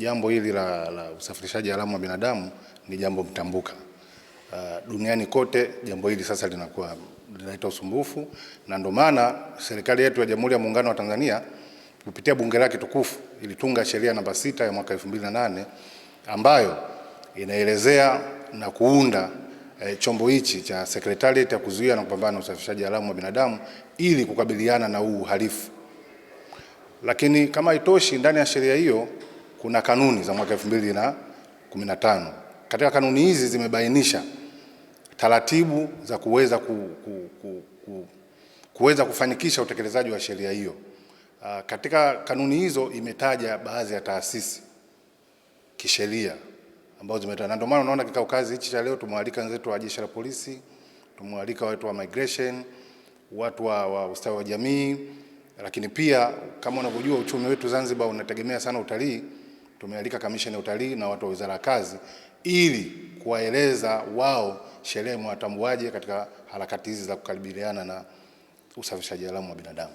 jambo hili la, la usafirishaji haramu wa binadamu ni jambo mtambuka uh, duniani kote. Jambo hili sasa linakuwa linaleta usumbufu, na ndio maana serikali yetu ya Jamhuri ya Muungano wa Tanzania kupitia bunge lake tukufu ilitunga sheria namba sita ya mwaka 2008 ambayo inaelezea na kuunda eh, chombo hichi cha Secretariat ya kuzuia na kupambana na usafirishaji haramu wa binadamu ili kukabiliana na huu uhalifu. Lakini kama itoshi ndani ya sheria hiyo kuna kanuni za mwaka 2015. Katika kanuni hizi zimebainisha taratibu za kuweza ku, ku, ku, ku, kuweza kufanikisha utekelezaji wa sheria hiyo. Ah, katika kanuni hizo imetaja baadhi ya taasisi kisheria ambazo zimetaja, na ndio maana unaona kikao kazi hichi cha leo tumewalika wenzetu wa jeshi la polisi, tumewalika watu wa migration, watu wa, wa ustawi wa jamii, lakini pia kama unavyojua uchumi wetu Zanzibar unategemea sana utalii tumealika kamishna ya utalii na watu wa wizara ya kazi ili kuwaeleza wao sherehe mwatambuaje katika harakati hizi za kukabiliana na usafirishaji haramu wa binadamu.